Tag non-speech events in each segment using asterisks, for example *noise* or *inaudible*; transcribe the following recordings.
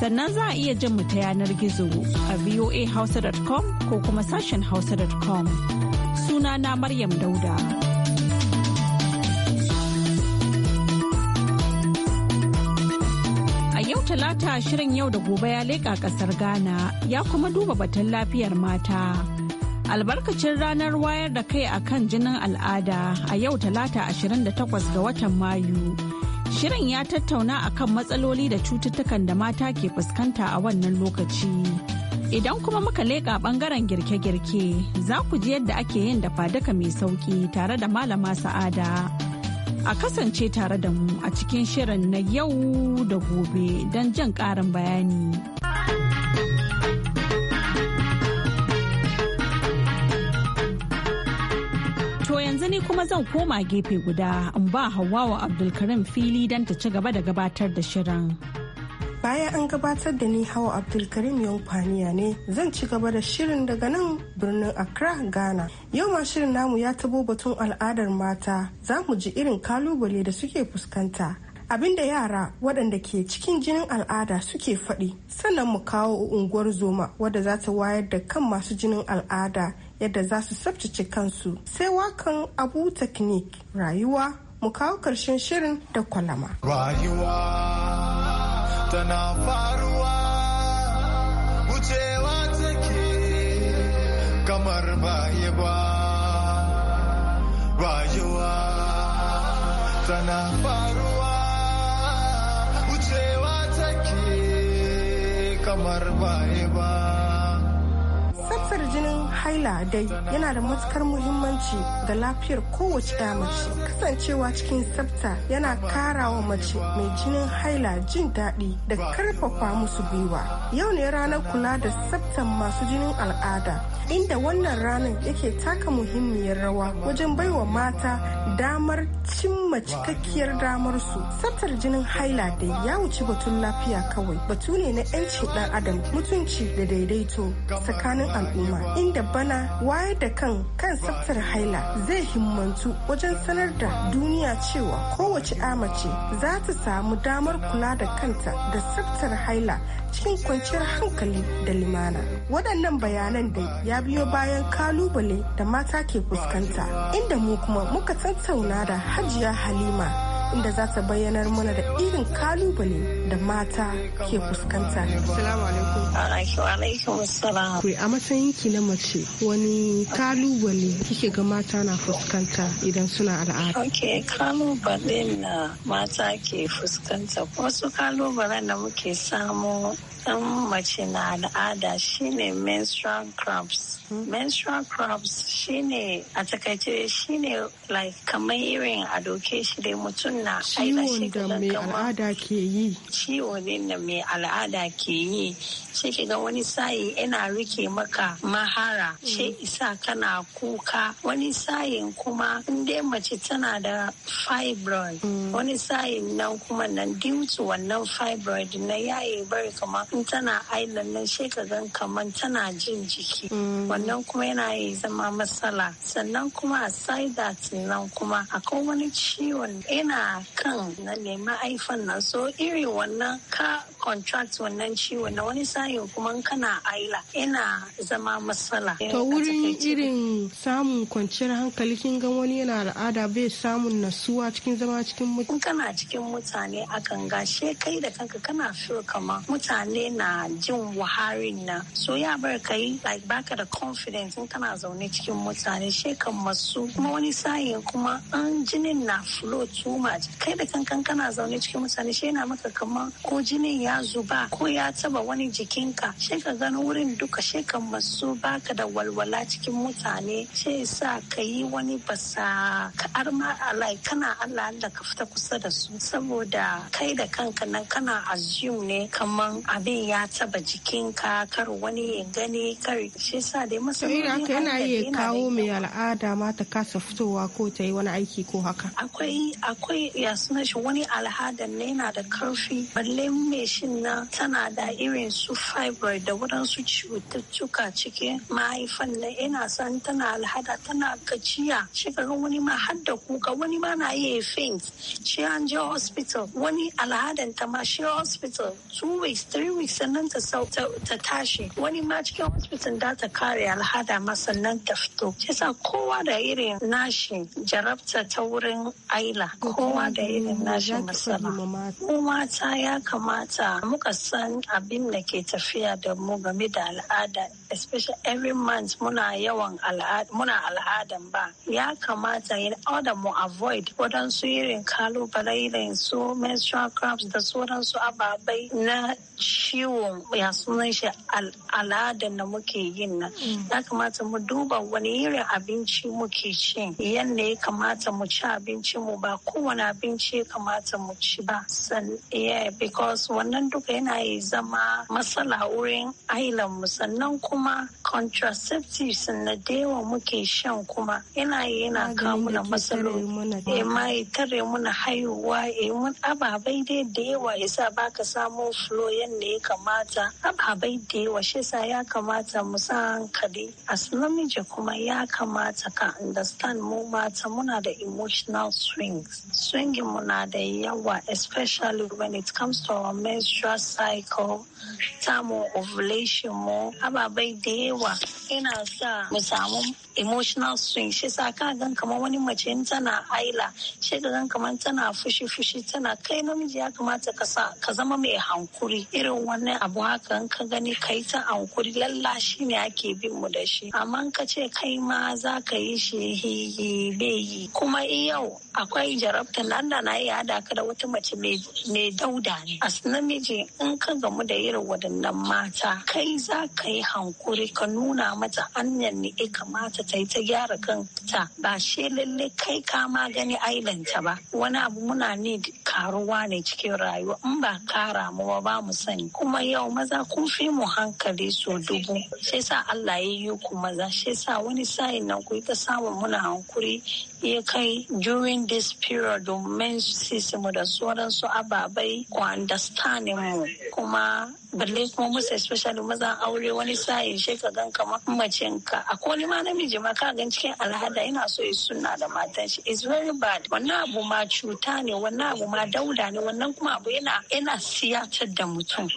sannan za a iya jin mu ta yanar gizo a voahausa.com ko kuma sashen hausa.com suna na maryam dauda a yau talata shirin yau da gobe ya leƙa ƙasar ghana ya kuma duba batun lafiyar mata albarkacin ranar wayar da kai akan jinin al'ada a yau talata 28 ga watan mayu Shirin ya tattauna a kan matsaloli da cututtukan da mata ke fuskanta a wannan lokaci. Idan kuma muka leƙa ɓangaren girke-girke, za ku ji yadda ake yin dafa daka mai sauƙi tare da malama sa'ada. A kasance tare da mu a cikin shirin na yau da gobe don jan ƙarin bayani. yanzu ni kuma zan koma gefe guda in ba wa Abdulkarim fili don ta ci gaba da gabatar da shirin. bayan an gabatar da ni hawa abdulkarim faniya ne zan ci gaba da shirin daga nan birnin accra ghana yau ma shirin namu ya tabo batun al'adar mata za mu ji irin kalubale da suke fuskanta abin da yara waɗanda ke cikin jinin al'ada suke faɗi sannan mu kawo unguwar zoma wadda za ta wayar da kan masu jinin al'ada yadda za su tsabtace kansu sai wakan abu teknik rayuwa mu kawo karshen shirin da kwalama rayuwa tana faruwa wucewa take kamar baye ba rayuwa tana faruwa wucewa take kamar baye ba zubar jinin haila dai yana da matukar muhimmanci ga lafiyar kowace ya mace kasancewa cikin tsafta yana kara wa mace mai jinin haila jin daɗi da karfafa musu gwiwa yau ne ranar kula da tsaftan masu jinin al'ada inda wannan ranar yake taka muhimmiyar rawa wajen baiwa mata damar cimma cikakkiyar damar su tsaftar jinin haila dai ya wuce batun lafiya kawai batu ne na 'yancin ɗan adam mutunci da daidaito tsakanin al'umma al'umma inda bana wayar da kan kan tsaftar haila zai himmantu wajen sanar da duniya cewa kowace amace za ta samu damar kula da kanta da tsaftar haila cikin kwanciyar hankali da limana waɗannan bayanan dai ya biyo bayan kalubale da mata ke fuskanta inda mu kuma muka tattauna da hajiya halima inda za ta bayyanar mana da irin kalubale da mata ke fuskanta. Ku a matsayinki na mace wani kalubale kike ga mata na fuskanta idan suna al'ada. Ok, kalubalen na mata ke fuskanta wasu kalubalen da muke samu in mace na al'ada shine menstrual cramps hmm? menstrual cramps shine a takaice shine like kamar irin a doke shi dai mutum na aina shi da ciwo ne da mai al'ada ke yi sai ki ga wani sayi yana rike maka mahara sai mm. isa kana kuka wani sayin kuma in mace tana da fibroid mm. wani sayin nan kuma nan due wannan fibroid na yayi bari kuma in tana island nan sai ka gan kaman tana jin jiki mm. wannan kuma yana yi zama matsala sannan kuma a that nan kuma akwai wani ciwon ina kan na neman aifan nan so iri wannan ka contract wannan ciwon na wani sayin tayo kuma kana aila ina zama matsala. ta eh, wurin irin samun kwanciyar hankali kin ga wani yana al'ada bai samun nasuwa cikin zama cikin mutane. kana cikin mutane a akan she kai da kanka kana feel kama mutane na jin waharin na so ya bar kai like baka da confidence in kana zaune cikin mutane she kan masu kuma wani sayin kuma an jinin na flow too much kai da kanka kana zaune cikin mutane she na maka kama ko jinin ya zuba ko ya taba wani jiki jikinka sai ka gani wurin duka sai ka masu baka da walwala cikin mutane sai sa ka yi wani basa ka arma alai kana Allah Allah ka fita kusa da su saboda kai da kanka nan kana azum ne kaman abin ya taba jikinka kar wani ya gani kar shi sa dai masa yana iya kawo mai al'ada ma ta kasa fitowa ko ta yi wani aiki ko haka akwai akwai ya suna shi wani al'adan ne yana da karfi balle mai shin na tana da irin su fibroid da waɗansu cututtuka cikin mahaifan na ina san tana alhada tana gajiya shi wani ma har da kuka wani ma na iya faint shi an je hospital wani alhadan ta ma shi hospital two weeks three weeks sannan ta tashi wani ma cikin hospital da ta kare alhada ma sannan ta fito shi sa kowa da irin nashi jarabta ta wurin aila kowa da irin nashi masana kuma mata ya kamata muka san abin da ke tafiya da mu game da al'ada especially every month muna yawan al'ada muna al'adan ba ya kamata in order mu avoid waɗansu irin kalu irin su menstrual cramps da sauransu ababai na ciwon ya sunan shi al'adan da muke yin nan mm. ya kamata mu duba wani irin abinci muke ci yadda ya kamata mu ci abinci mu ba kowane abinci ya kamata mu ci ba san yeah because wannan duka yana yi zama masa matsala wurin mu sannan kuma contraceptives na dewa muke shan kuma yana yana kawo na matsaloli eh ma tare muna haihuwa eh mun ababai dai da yawa yasa baka samu flow yadda ya kamata ababai da yawa shi sa ya kamata mu sa hankali a namiji kuma ya kamata ka understand mu mata muna da emotional swings swinging muna da yawa especially when it comes to our menstrual cycle samun ovulation mu ababai da yawa yana sa mu samu emotional swing shi sa ka gan kamar wani mace in tana aila shi ka gan kamar tana fushi fushi tana kai namiji ya kamata ka zama mai hankuri irin wannan abu haka ka gani kai ta hankuri lalla shi ne ake bin mu da shi amma ka ce kai ma za ka yi shi bai yi kuma yau akwai jarabtar landa na iya hada ka da wata mace mai dauda ne as namiji in ka gamu da irin waɗannan mata kai za ka yi hankuri ka nuna mata hanyar ne ya kamata kanta ta yi ta gyara kanta ba shi lalle kai ka ma gani ailanta ba wani abu muna ne karuwa ne cikin rayuwa in ba kara mu ba ba mu sani kuma yau maza kun fi mu hankali so dubu sai sa Allah ya yi ku maza sai sa wani sa'in nan ku ta samu muna hankuri ya kai during this period menses mu da sauransu ababai ku understanding mu kuma balle kuma musu especially maza aure wani sa'in shi ka gan kamar macin ka a wani ma namiji ma ka gan cikin alhada yana so ya suna da matan shi is very bad wannan abu ma cuta ne wannan abu ma dauda ne wannan kuma abu yana yana siyatar da mutum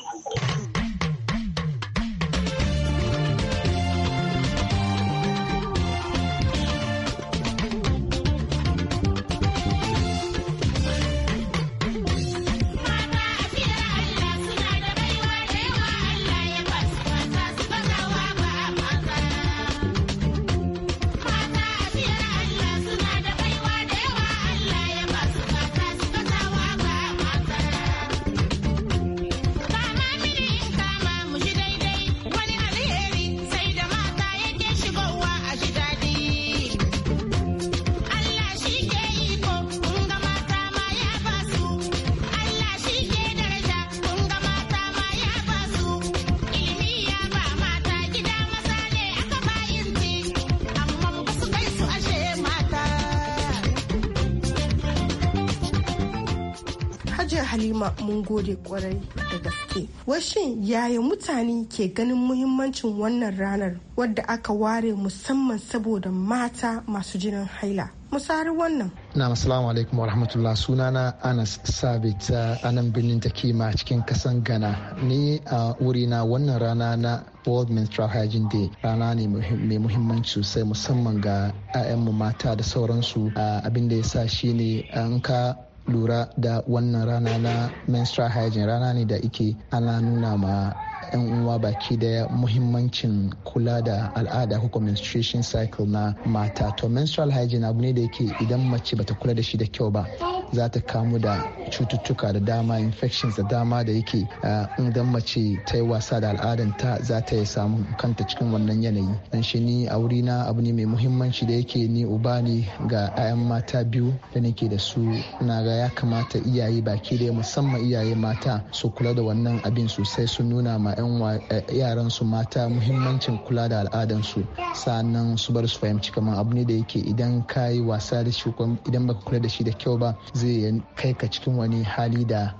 Hajiya Halima mun gode kwarai da gaske. Washin yaya mutane ke ganin muhimmancin wannan ranar wadda aka ware musamman saboda mata masu jinin haila. musari wannan. Na assalamu alaikum warahmatullah sunana Anas Sabit a nan birnin kima cikin kasan gana Ni a wurina wannan rana na World Menstrual Hygiene Day rana ne mai muhimmanci sosai musamman ga 'ya'yanmu mata da sauransu abin da ya sa shi ne an ka lura da wannan rana na menstrual hygiene rana ne da ike ana nuna ma 'yan uwa baki daya muhimmancin kula da al'ada ko menstruation cycle na mata to menstrual hygiene abu ne da yake idan mace bata kula da shi da kyau ba za ta kamu da cututtuka da dama infections da dama da yake ah, idan mace ta yi wasa da al'adanta za ta yi samu kanta cikin wannan yanayi dan shi ni a wuri na abu ne mai muhimmanci da yake ni uba ne ga 'ya'yan mata biyu da nake da su na ga ya kamata iyaye baki daya musamman iyaye mata su kula da wannan abin sosai su nuna ma ma eh, yaran su mata muhimmancin kula da al'adansu sannan su bar su fahimci kamar abu ne da yake idan ka yi wasa da shi idan baka kula da shi da kyau ba zai kai ka cikin wani hali da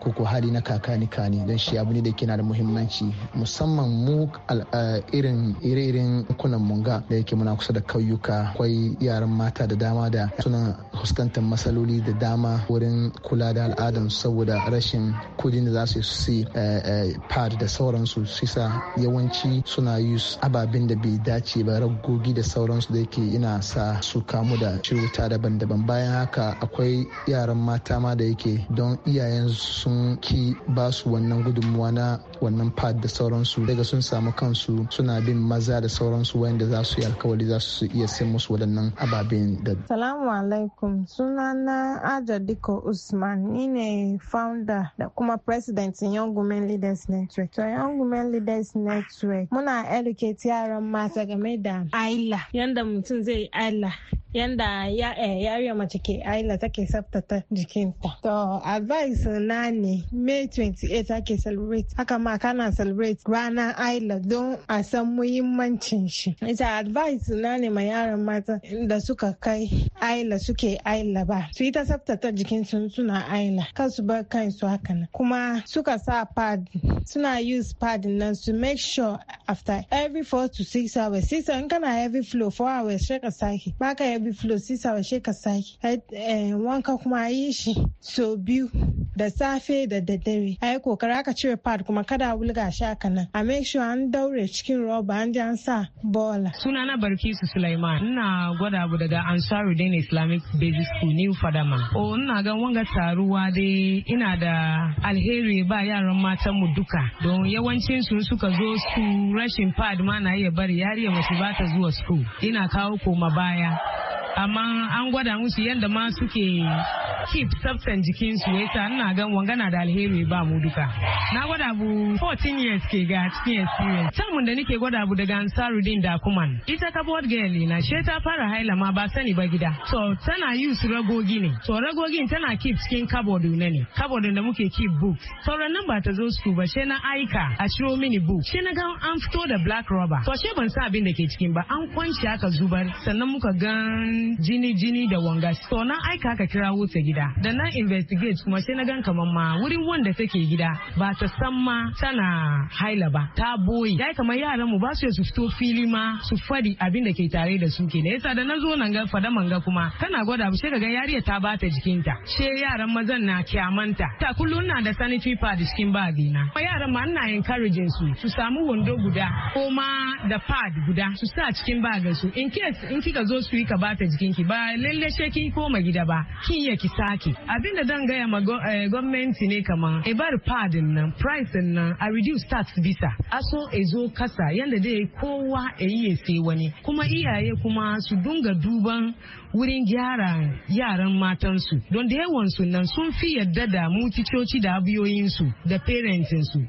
koko eh, hali na kakanika ne don shi abu ne da yake na da muhimmanci musamman mu eh, irin ire-iren kunan munga da yake muna kusa da kauyuka akwai yaran mata da dama da suna fuskantar matsaloli da dama wurin kula da al'adansu saboda rashin kudin da za su yi pad da sauran sauransu su sa yawanci suna use ababen da bai dace ba ragogi da sauransu da yake ina sa su kamu da ciwuta daban-daban bayan haka akwai yaran mata ma da yake don iyayen sun ki basu wannan gudunmuwa na wannan pad da sauransu daga sun samu kansu suna bin maza da sauransu wanda za su yi alkawari za su iya sai musu waɗannan ababen da. Salamu alaikum sunana Aja Diko Usman ni ne founder da kuma president Young Women Leaders Network. To Young Women Leaders Network muna educate yaran mata game da aila yanda mutum zai yi aila yanda ya eh, yariya mace ke aila take tsaftata jikinta. To advice na ne May 28 ake celebrate haka ma kuma kana celebrate ranar aila don a san muhimmancin shi ita advice na ne ma yaran mata da suka kai aila suke aila ba su yi ta tsaftace jikin sun suna aila kan su bar kan su haka nan kuma suka sa pad suna use pad nan su make sure after every four to six hours six hours in kana heavy flow four hours sheka ka sake baka heavy flow six hours sheka ka sake eh, wanka kuma yi shi so biyu da safe da daddare a yi kokari aka cire pad kuma kada da wulga shi haka nan a make sure an daure cikin roba an jan sa bola sunana barkisu sulaiman ina gwada abu daga dan islamic basic school new fadama o oh, ina ga wanga taruwa dai ina da alheri ba yaran matan mu duka don yawancin su suka zo su rashin pad ma na iya bari yariya mace ba ta zuwa school ina kawo koma baya amma an gwada musu yadda ma suke keep tsaftan jikinsu ta ina gan wangana da alheri ba mu duka na gwada bu 14 years ke ga cikin experience samun da nake gwada bu daga ansarudin da kuman ita kabod girl na she ta fara haila ma ba sani ba gida to tana use ragogi ne to ragogin tana keep cikin kabod ne ne kabod da muke keep books sauran nan ba ta zo su ba she na aika a ciro mini book she na ga an fito da black rubber to she ban sa abin da ke cikin ba an kwanci aka zubar sannan muka gan jini jini da wanga to nan aika ka kira wuta gida da nan investigate kuma sai na gan kaman ma wurin wanda take gida ba ta san ma tana haila ba ta boye ya kamar yaran mu ba su su fito fili ma su fadi abin da ke tare da su ke kenan yasa da na zo nan ga fada manga kuma tana gwada sai ka gan yariya ta bata jikinta she yaran mazan na kyamanta ta kullun na da sanitary pad cikin dina na yaran ma ina encouraging su su samu wando guda ko ma da pad guda su sa cikin bagin su in case in kika zo su yi ka bata jikin ki ba lalle she kin koma gida ba kin ya ki sake abin da zan gaya ma eh, gwamnati ne kama e bar pardon nan price nan a reduce tax visa aso e kasa yanda dai kowa e yi sai wani kuma iyaye kuma su dunga duban wurin gyara yaran matansu don da yawan su nan sun fi yadda da mutucoci da abiyoyinsu da parentinsu.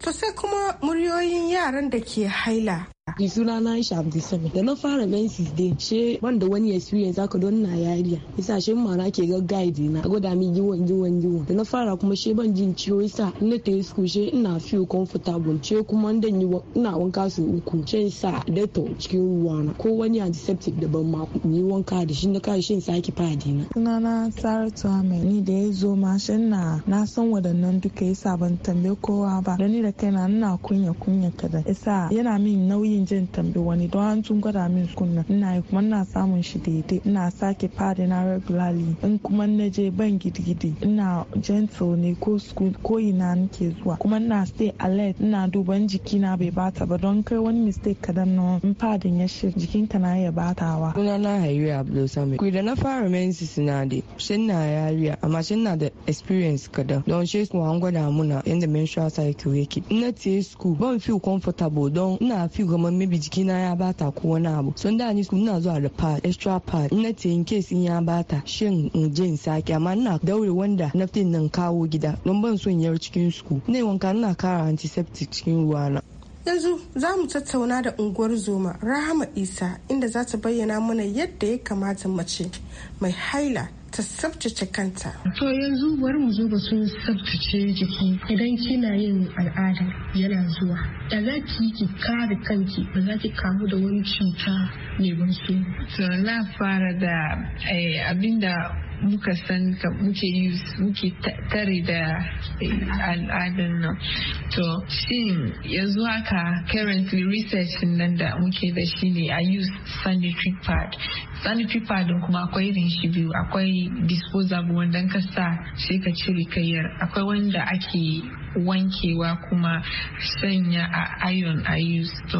To sai kuma muryoyin yaran da ke haila Ni suna na Aisha Abdulsamid. Da na fara Mensis Day she ban da wani experience haka don na yariya. Isa she na ke ga guide na gwada min giwon giwon giwon. Da na fara kuma she ban jin ciwo isa na ta school she ina feel comfortable she kuma dan yi ina wanka su uku. She sa deto cikin ruwa na ko wani antiseptic da ban ma ni wanka da shi na kai shin saki fadi na. Suna na Saratu Ahmed ni da ya zo ma shin na na san wadannan duka yasa ban tambaye kowa ba. Da ni da kaina ina kunya kunya kada. Isa yana min nauyi in jin tambi wani don an tun gwada min kunna ina yi kuma ina samun shi daidai ina sake fadi na regularly in kuma na je ban gidigidi ina gentle ne ko school ko ina nake zuwa kuma ina stay alert ina duban jikina bai bata ba don kai wani mistake kadan nawa in fadin ya shi ka na iya batawa. Suna na ya Abdulsami. Kui da na fara menses na da shin na yariya amma shin na da experience kadan don shi kuma an gwada muna yadda menstrual cycle yake. Ina tiye school ban feel comfortable don ina feel kamar mabi jikina ya bata ko wani abu sun da ni zuwa da pad extra pad ina ce in case in ya bata shin in je in sake amma ina daure wanda na fitin nan kawo gida don ban son yar cikin su ne wanka ina kara antiseptic cikin ruwa na yanzu za mu tattauna da unguwar zoma rahama isa inda za ta bayyana mana yadda ya kamata mace mai haila ta tsabtace kanta. To yanzu bari mu zo sun tsabtace jiki idan kina yin al'ada yana zuwa. Da za ki yi ki kare kanki ba za ki kamu da wani cuta ne ban su. To na fara da eh, abinda muka san muke muke tare da al'adun nan to shin yanzu haka currently research nan da muke da shi ne a use sanitary pad sanitary pad kuma akwai irin shi biyu akwai disposable wanda ka sa sai ka cire kayyar akwai wanda ake wankewa kuma sanya a iron a use to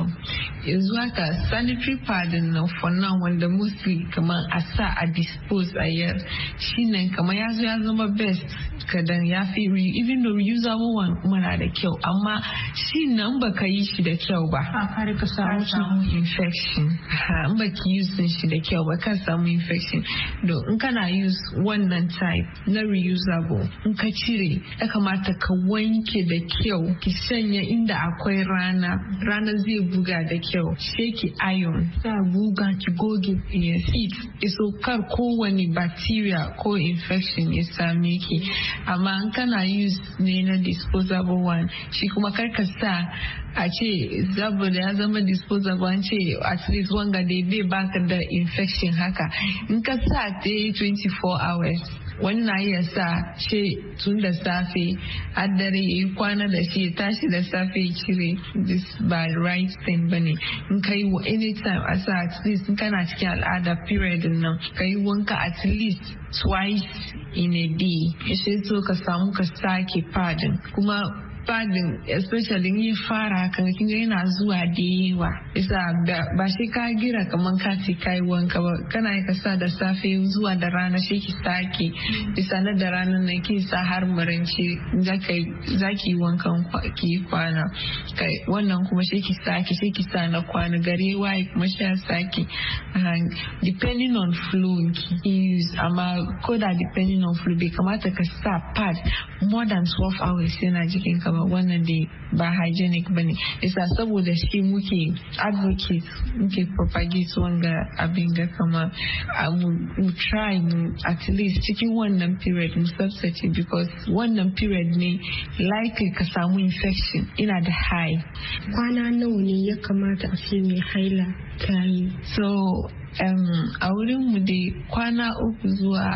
yanzu haka sanitary pad na fana wanda mostly kamar a sa a dispose a yar shi nan kamar ya zo ya zama best kadan ya fi even though reusable one mana da kyau amma shi nan baka yi shi da kyau ba ka samu infection in baki use shi da kyau ba ka samu infection don in kana use wannan type na reusable in ka cire ya kamata ka wanke wanke da kyau ki sanya inda akwai rana rana zai buga da kyau sai ki iron sa buga ki goge it iso kar kowane bacteria ko infection ya same ki amma an kana use ne na disposable one shi kuma kar ka sa a ce saboda ya zama disposable an ce at least wanga dai bai baka da infection haka in ka sa ta 24 hours wannan ya sa shi tun da safe har dare ya kwana da shi tashi da safe ya cire this ba right thing ba ne in yi wa anytime a sa at least kana cikin al'ada period nan yi wanka at least twice in a day ya so ka samu ka sake fadin kuma fadin especially in yi fara kan kin ga yana zuwa da yawa isa ba shi ka gira kaman ka ce kai wanka ba kana ka sa da safe zuwa da rana shi ki sake isa na da ranar nan ki sa har muranci za ki wankan ki kwana wannan kuma shi ki sake shi ki sa na kwana gare waye kuma shi sake depending on flu ki use amma koda depending on flu bai kamata ka sa pad more than 12 hours yana jikin ka ba wannan dai ba hygienic ne isa saboda shi muke advocate muke propagate wanga abin ga kama mu uh, try mu at least cikin wannan period mu substitute because wannan period ne likely ka samu infection ina da high kwana nawa ne ya kamata a ce mai haila ta yi so um, a wurin mu dai kwana uku zuwa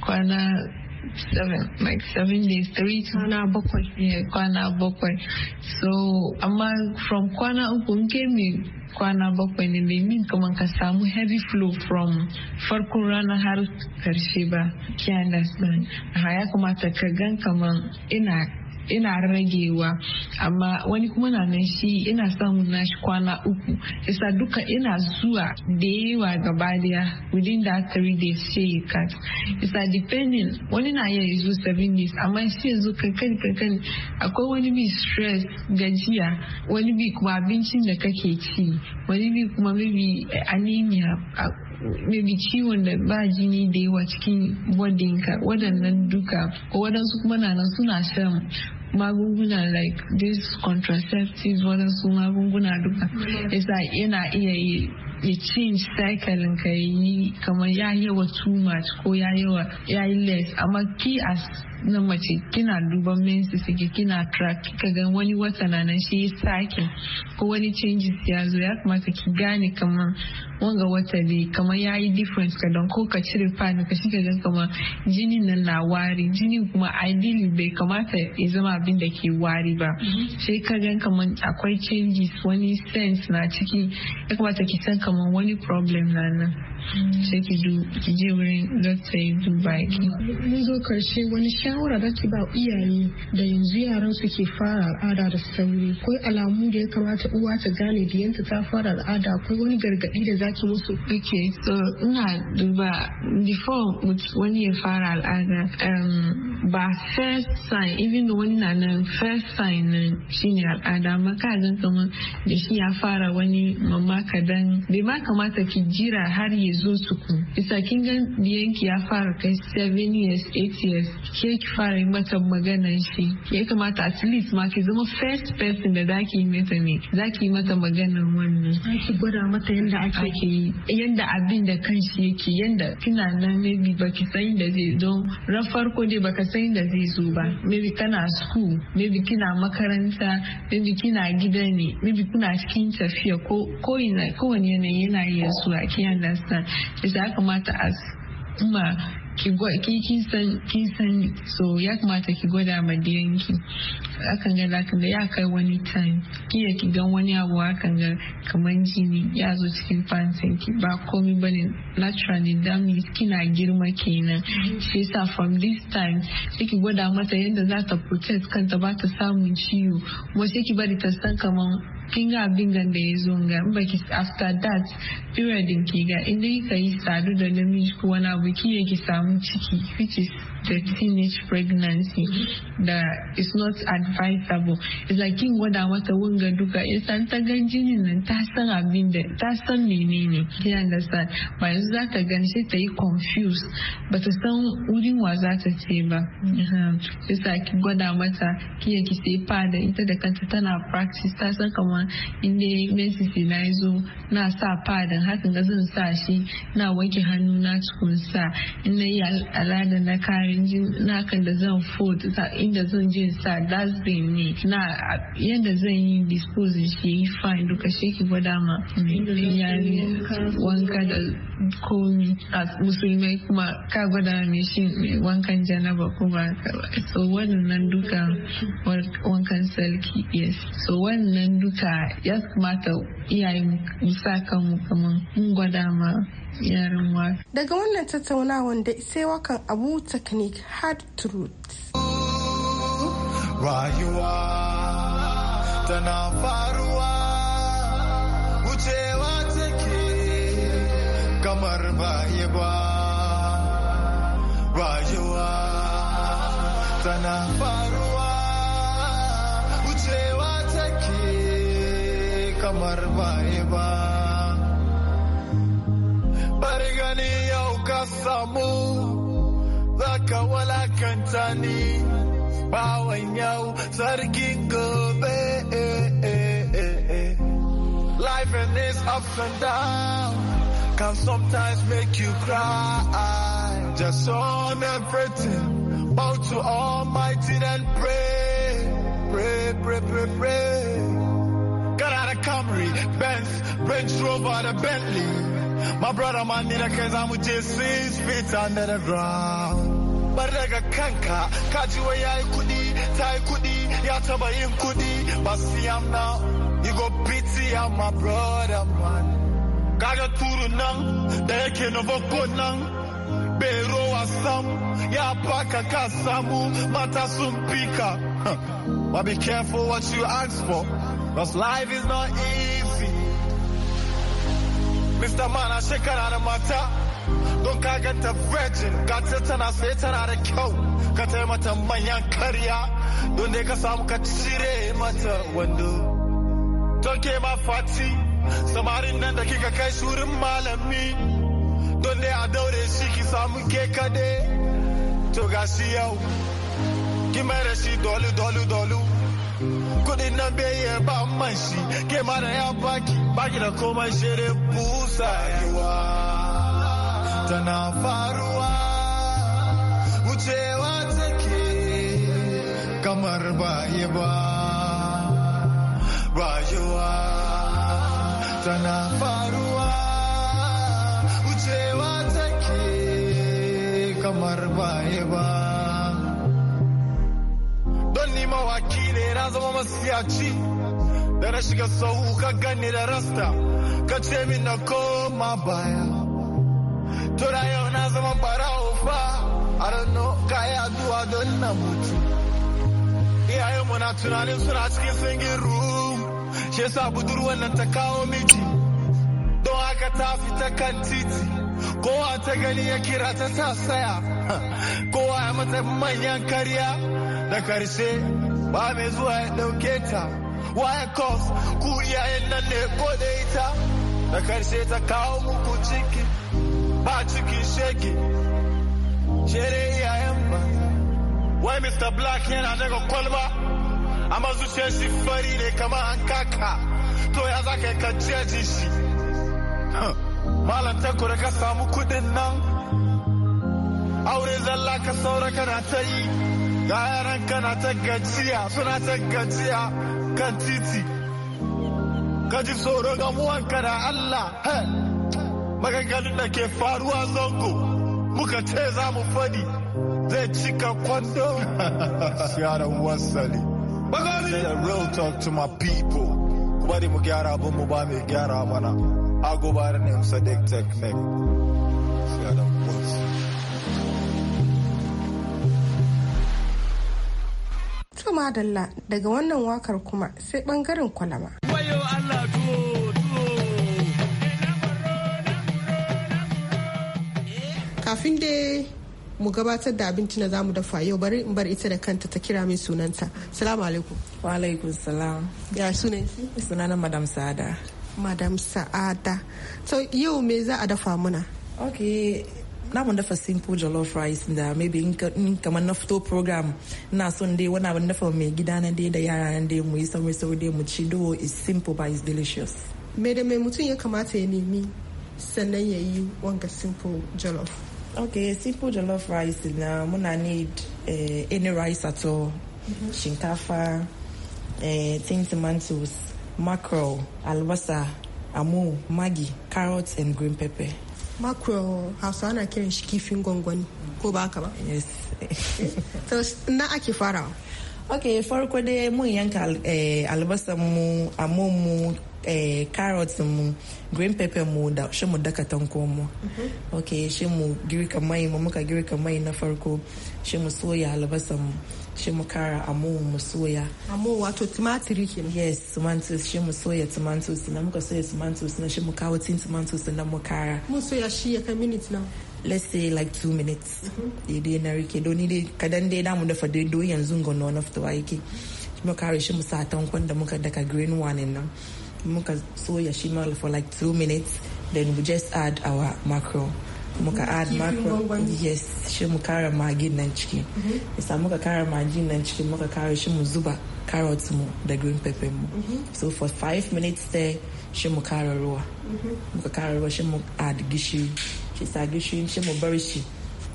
kwana seven like seven days three to kwana bakwai kwana bakwai so amma from kwana uku nke mai kwana bakwai ne bai min kamar ka samu heavy flow from farkon rana har karshe ba kya understand ya kamata ka gan kamar ina ina ragewa amma wani kuma na nan shi ina samun nashi kwana uku isa duka ina zuwa da yawa gaba daya within that three days sai ya cut isa depending wani na iya seven days amma shi yanzu kankani kankani akwai wani bi stress gajiya wani bi kuma abincin da kake ci wani bi kuma maybe anemia maybe ciwon da ba jini da yawa cikin bodinka waɗannan duka ko waɗansu kuma na nan suna shan magunguna like this contraceptives waɗansu magunguna duka yasa yana iya ya change cycle ka yi kamar ya yawa too much ko ya yawa ya yi less amma ki as na mace kina duban menses ki kina track kika ga wani wata na nan shi sake ko wani changes ya zo ya kamata ki gane kamar wanga wata ne kamar ya yi difference ka don ko ka cire pad ka shi ga kamar jini nan na wari jini kuma ideally bai kamata ya zama abin da ke wari ba mm-hmm. sai ka gan kamar akwai changes wani sense na ciki ya kamata ki san kamar wani problem na nan sai ki je wurin dokta ya duba ki. Mun zo karshe wani shawara da ba iyaye da yanzu yaran su ke fara al'ada da sauri. Akwai alamu da ya kamata uwa ta gane diyanta ta fara al'ada akwai wani gargaɗi da zaki musu. yake. so ina duba before wani ya fara al'ada um, ba first sign even though wani na nan first sign nan shine al'ada amma ka kamar da shi ya fara wani mamma kadan bai ma kamata ki jira har ya zo suku ku bisa kin ga biyanki ya fara kai 7 years 8 years ke ki fara yi mata magana shi ya kamata at least ma ki zama first person da za ki yi mata ne za ki yi mata magana wannan ki gwada mata yanda ake yi yanda abin da kanshi yake yanda kina nan maybe ki san da zai zo ran farko dai ka san da zai zo ba maybe kana school maybe kina makaranta maybe kina gida ne maybe kuna cikin tafiya ko ko wani yanayi yana iya zuwa ki understand ya kamata a kuma kin san so ya kamata ki gwada ma diyanki akan ga lakin da ya kai wani time kiya ki gan wani abu akan ga kaman jini ya zo cikin fansin ki ba komi bane naturally that kina girma kenan shi yasa from this time sai ki gwada mata yadda za ta protect kanta ba ta samun ciwo kuma sai ki bari ta san kaman kin ga abin da ya zo ga in baki after that period ki ga inda kika yi sadu da namiji ko wani abu ki ki samu ciki which is the teenage pregnancy da is not advisable is like kin gwada mata wunga duka san ta gan jinin nan ta san abin da ta san menene kina da ba yanzu za ta gan sai ta yi confused ba ta san wurin wa za ta ce ba isa ki gwada mata ki ki sai fa da ita da kanta tana practice ta san kamar dama inda mesisi na zo na sa fadan hakan ga zan sa shi na wanke hannu na cikin sa in na yi al'ada na karin jin na kan da zan fold inda zan je sa dustbin ne na yadda zan yi dispose shi fine duka shi ki gwada ma wanka da ko a musulmai kuma ka gwada mai shi wankan janaba kuma so wannan duka wankan salki yes so wannan duka ya kamata iyaye mu sa kanmu kaman mun gwada ma yaran wa daga wannan tattaunawan da sai wakan abu technique hard truth rayuwa tana faruwa wuce kamar baya ba rayuwa tana faruwa wucewa take kamar baya ba bari gani yau ka samu zaka walakanta ni bawan yau sarkin gobe life and its ups and downs can sometimes make you cry. Just on everything, bow to Almighty and pray, pray, pray, pray, pray. Got out of Camry, Benz, Range Rover, the Bentley. My brother, man, need a case, i I'm with six feet under the ground. But like a kanka, kaji where I could tai kudi, ya taba yin kudi, but see I'm now, you go pity, I'm my brother, man. kaga turun nan da yake na bako nan bero sam ya baka ka samu mata sun fika *laughs* but be careful what you ask for cause life is not easy Mr. man Mana shekara da mata don ka ganta virgin ka tana sai tana da kyau ka tai mata manyan karya don dai ka samu ka cire mata wando don ke ma fati samarin nan da kika kai surin malami don dai a daure shi ki samu ke kade to ga shi yau ki mai da shi dolu dolu dolu kudin nan bai yi ba man shi ke ma da ya baki baki da komai shere busa yiwa tana faruwa wucewa take kamar ba ba tana faruwa wucewa take kamar baya ba don ni mawaki ne na zama masiyaci da na shiga sahu ka gani da rasta ka ce min na koma baya to yau na zama barawo fa a ranar kaya zuwa don na mutu iyayenmu na tunanin suna cikin singin ruwa shi yasa budurwar nan ta kawo miji don haka ta fita kan titi kowa ta gani ya kira ta sa saya kowa ya mata manyan karya da karshe ba mai zuwa ya ɗauke ta waya kos ku iyayen nan ne kode ita da karshe ta kawo muku ciki ba ciki shege shere iyayen ba wai mr black yana daga kwalba amma zuciyar shi fari ne kamar an kaka to ya za ka yi kaciyaji shi malam ku da ka samu kudin nan aure zalla ka saura kana ta yi ga yaran kana ta gajiya suna ta gajiya kan titi ka ji tsoro ka da allah maganganun da ke faruwa zango muka ce za mu fadi zai cika kwando *laughs* sharan wasali real talk to my people ku mu gyara abin mu ba mai gyara mana agobar ne sadiq technique sai adam to madalla daga wannan wakar kuma sai bangaren kwalama wayo Allah tuwo eh, kafin dai mu gabatar da abinci na zamu dafa yau bari in bar ita da kanta ta kira min sunanta salamu alaikum wa alaikum salam ya sunanki sunana madam sa'ada madam sa'ada so yau me za a dafa muna okay na mun dafa simple jollof rice da maybe in kamar na fito program na son dai wani abin dafa mai gida na dai da yara na dai mu yi sauri sauri dai mu ci do is simple but is delicious me da mai mutum ya kamata ya nemi sannan ya yi wanga simple jollof Okay, simple jollof rice na mụ na need uh, any rice at all. Mm-hmm. Shinkafa, uh, tin tomatoes, mackerel, albasa, amu, maggi, carrots and green pepper. Mackerel Hausa ana kiran shi kifin gwangwani ko ba haka ba? Yes. so *laughs* na ake farawa. Okay, farko dai mun yanka eh, albasan mu, amu mu, Eh, carrots mu green pepper mu da shi mu daka tanko mu mhm. ok shi mu girka mai mu muka girka mai na farko shi mu soya albasa mu shi mu kara amu mu soya amu wato tumatiri kenan yes tomatoes shi mu soya tomatoes na muka soya tomatoes na shi mu kawo tin tomatoes na mu kara mu soya shi ya kai minutes na let's say like two minutes daidai mhm. na rike don ni dai kadan dai damu dafa dai do yanzu ga na fitowa yake mu kare shi mu sa tankon da muka daka green one nan muka soya shi mal for like two minutes then we just add our mackerel muka add mackerel yes shi mu kara magin nan ciki mm-hmm. isa muka kara magin nan ciki muka kara shi mu zuba carrots mu da green pepper mu mm-hmm. so for five minutes there shi mu kara ruwa muka kara ruwa shi mu add gishiri shi sa gishiri shi mu bar shi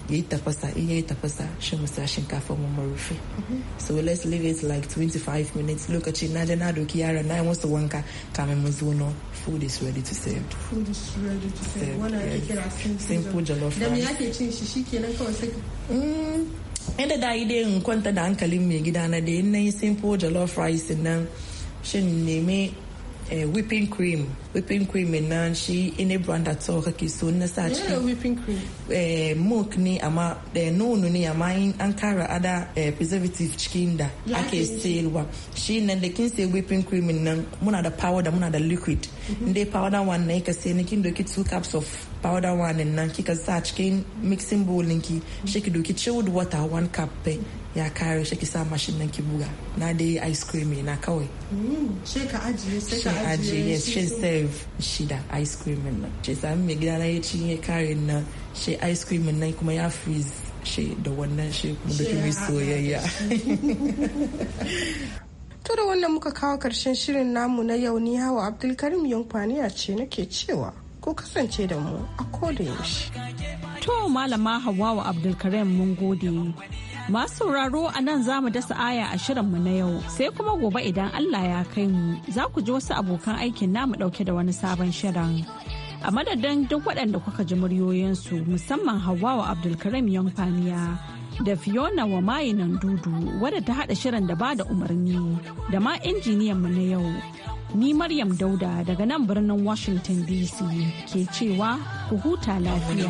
ya yi tafasa in ya yi tafasa shi musa shinkafa mu mu rufe mhm. so let's leave it like 25 minutes lokaci na je na doki yaran na yi musu wanka kamin mu zo no food is ready to serve food is ready to serve wannan ake kira simple jollof rice da me ake cin shi shikenan kawai sai mm, inda da yi dai kwanta da hankalin mai gida na da yin na simple jollof rice nan shin neme eh, whipping cream whipping cream nan shi ine brand da tsawo kake so na sa ciki whipping cream eh, milk ama amma eh, nono ni amma in an kara ada eh, preservative cikin da yeah, ake wa shi na da kin sai whipping cream nan muna da powder muna da liquid mm -hmm. powder one na ka sai ni kin doki two cups of powder one nan kika sa cikin mixing bowl ninki mm-hmm. shi ki doki chilled water one cup pe ya kare shi ki sa mashin nan ki buga na dai ice cream na kawai mm, shi ka ajiye sai ka ajiye yes she shi shida ice cream na shi sami mai gida na ya ci ya kare na shi ice cream na kuma ya freeze shi da wannan shi kuma da kuma soyayya *laughs* to da wannan muka kawo karshen shirin namu na yau ni hawa abdulkarim yankwaniya ce nake cewa ku kasance da mu a koda yaushe to malama hawa abdulkarim mun gode Masu sauraro a nan za mu dasa aya a shirinmu na yau sai kuma gobe idan Allah ya kai mu za ku ji wasu abokan aikin namu ɗauke da wani sabon shirin. A madadin duk waɗanda kuka ji muryoyinsu musamman wa Abdulkarim Yanfaniya da Fiona wa mayinan dudu wadda ta haɗa shirin da ba da umarni da ma injiniyanmu na yau. Ni Maryam Dauda daga nan birnin Washington DC ke cewa ku huta lafiya.